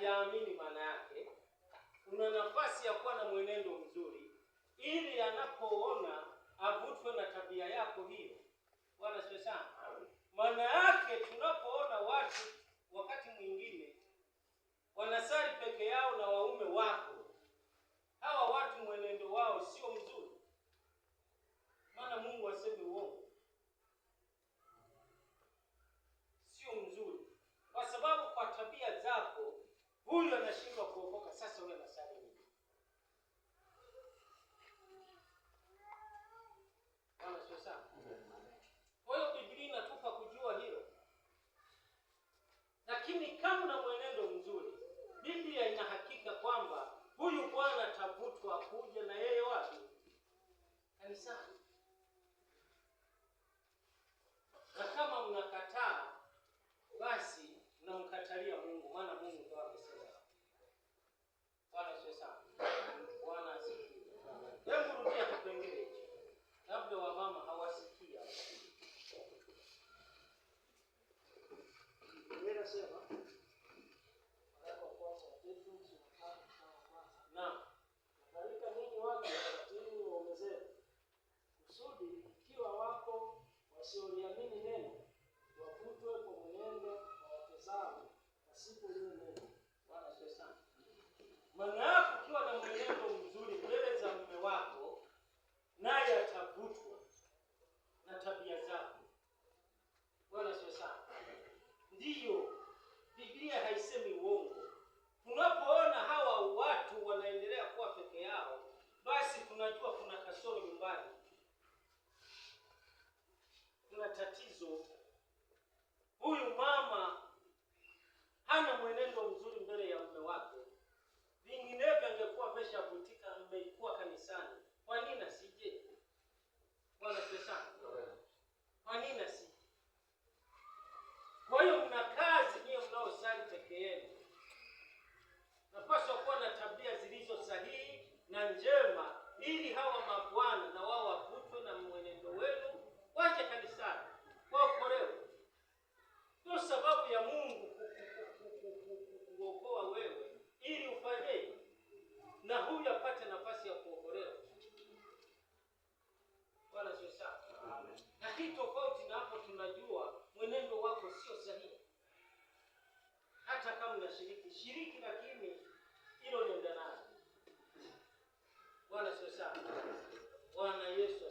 hajaamini, maana yake una nafasi ya kuwa na mwenendo mzuri, ili anapoona avutwe na tabia yako hiyo. Bwana sio sana. Maana yake tunapoona watu wakati mwingine wanasali peke yao na waume wako lakini up. wasioliamini neno lakini tofauti na hapo, tunajua mwenendo wako sio sahihi. Hata kama unashiriki shiriki, lakini hilo nienda nalo. Bwana sio sana. Bwana Yesu